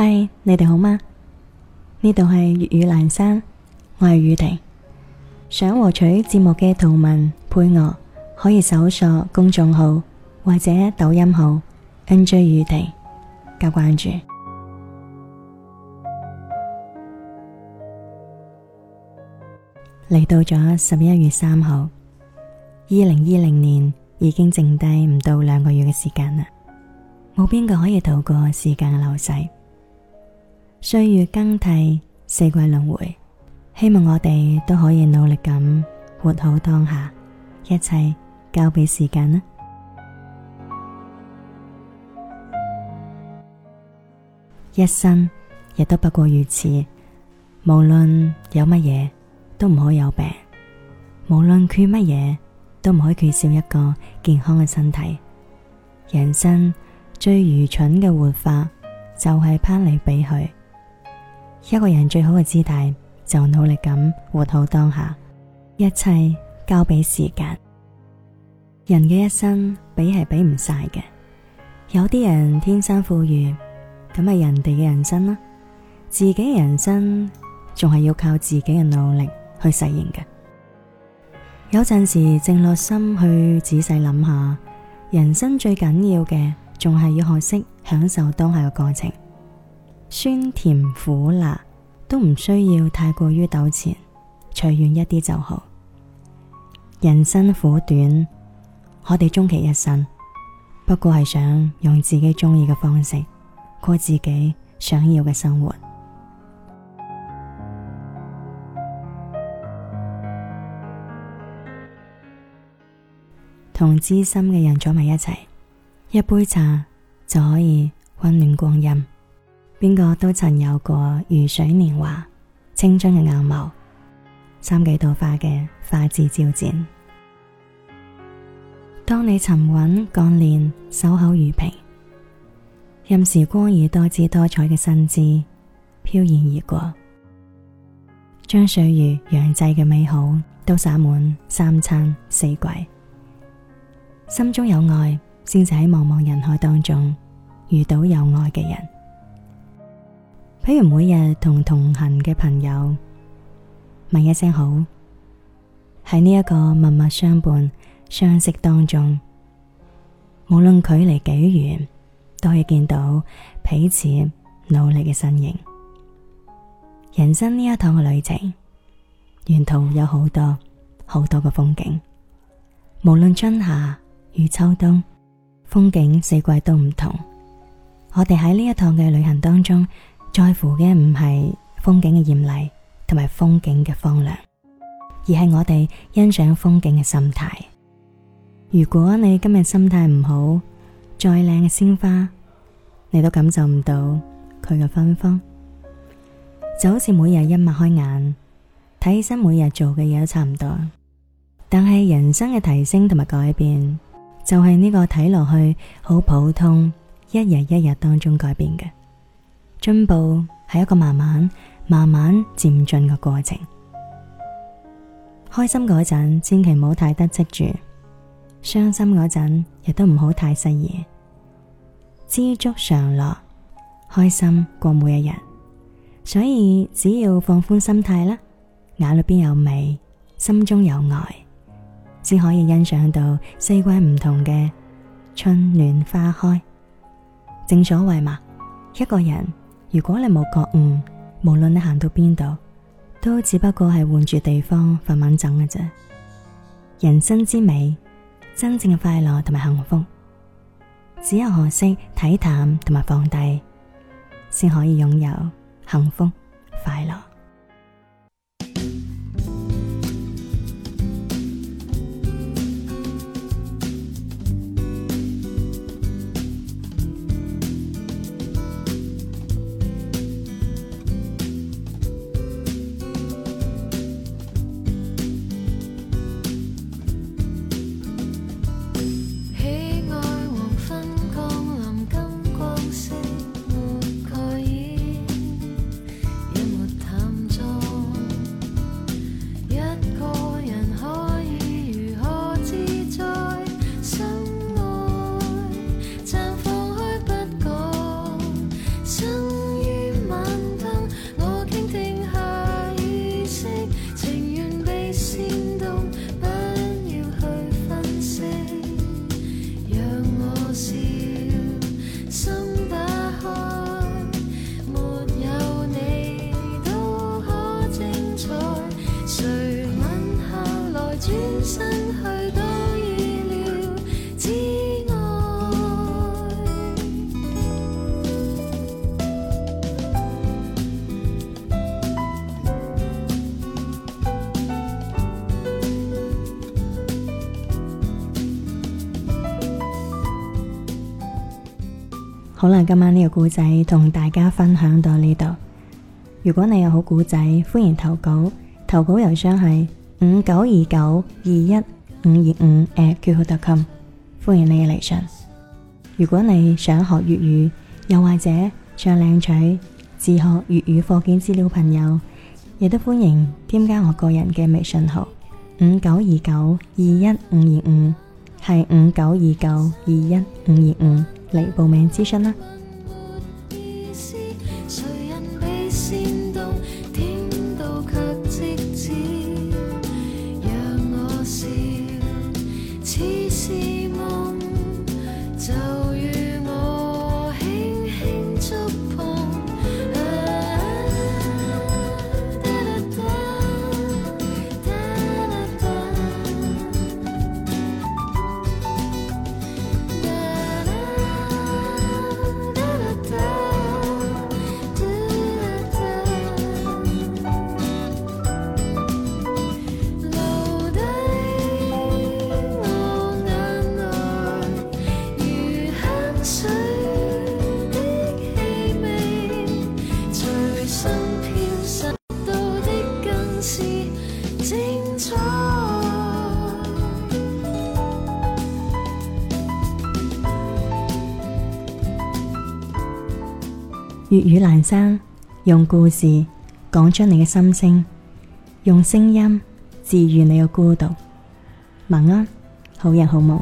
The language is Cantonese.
嗨，Hi，你哋好嗎？呢度係粵語闌珊，我係宇婷。想獲取節目嘅圖文配樂，可以搜索公眾號或者抖音號 NJ 宇婷加關注。嚟 到咗十一月三號，二零二零年已經剩低唔到兩個月嘅時間啦，冇邊個可以逃過時間嘅流逝。歲月更替，四季輪迴，希望我哋都可以努力咁活好當下，一切交俾時間啦。 一生亦都不過如此，無論有乜嘢，都唔可以有病；無論缺乜嘢，都唔可以缺少一個健康嘅身體。人生最愚蠢嘅活法，就係攀嚟比去。一個人最好嘅姿態，就努力咁活好當下，一切交俾時間。人嘅一生，比係比唔晒嘅。有啲人天生富裕，咁係人哋嘅人生啦，啊。自己嘅人生，仲係要靠自己嘅努力去實現嘅。有陣時靜落心去仔細諗下，人生最緊要嘅，仲係要學識享受當下嘅過程。酸甜苦辣都唔需要太過於糾纏，隨緣一啲就好。人生苦短，我哋終其一生不過係想用自己中意嘅方式過自己想要嘅生活。同知心嘅人坐埋一齊，一杯茶就可以溫暖光陰。邊個都曾有過如水年華、青春嘅眼眸、三幾朵花嘅花枝招展。當你沉穩、幹練、守口如瓶，任時光以多姿多彩嘅身姿飄然而過，將歲月釀製嘅美好都灑滿三餐四季。心中有愛，先至喺茫茫人海當中遇到有愛嘅人。譬如每日同同行嘅朋友問一聲好，喺呢一個默默相伴、相識當中，無論距離幾遠，都可以見到彼此努力嘅身影。人生呢一趟嘅旅程，沿途有好多好多嘅風景，無論春夏與秋冬，風景四季都唔同。我哋喺呢一趟嘅旅行當中。在乎嘅唔係風景嘅艷麗，同埋風景嘅荒涼，而係我哋欣賞風景嘅心態。如果你今日心態唔好，再靚嘅鮮花，你都感受唔到佢嘅芬芳。就好似每日一擘開眼，睇起身每日做嘅嘢，都差唔多，但係人生嘅提升同埋改變，就係呢個睇落去好普通，一日一日當中改變嘅。進步係一個慢慢、慢慢漸進嘅過程。開心嗰陣，千祈唔好太得戚住；傷心嗰陣，亦都唔好太失意。知足常樂，開心過每一日。所以只要放寬心態啦，眼裏邊有美，心中有愛，先可以欣賞到四季唔同嘅春暖花開。正所謂嘛，一個人。如果你冇覺悟，無論你行到邊度，都只不過係換住地方發悶憎嘅啫。人生之美，真正嘅快樂同埋幸福，只有學識睇淡同埋放低，先可以擁有幸福快樂。好啦，今晚呢個故仔同大家分享到呢度。如果你有好故仔，歡迎投稿。投稿郵箱係五九二九二一五二五，艾特，qq 點 com，歡迎你嚟信。如果你想學粵語，又或者想領取自學粵語課件資料，朋友亦都歡迎添加我個人嘅微信號五九二九二一五二五，係五九二九二一五二五。嚟報名諮詢啦！水的氣味隨身飄散到的更是精彩。粵語闌珊，用故事講出你嘅心聲，用聲音治愈你嘅孤獨。晚安，好人好夢。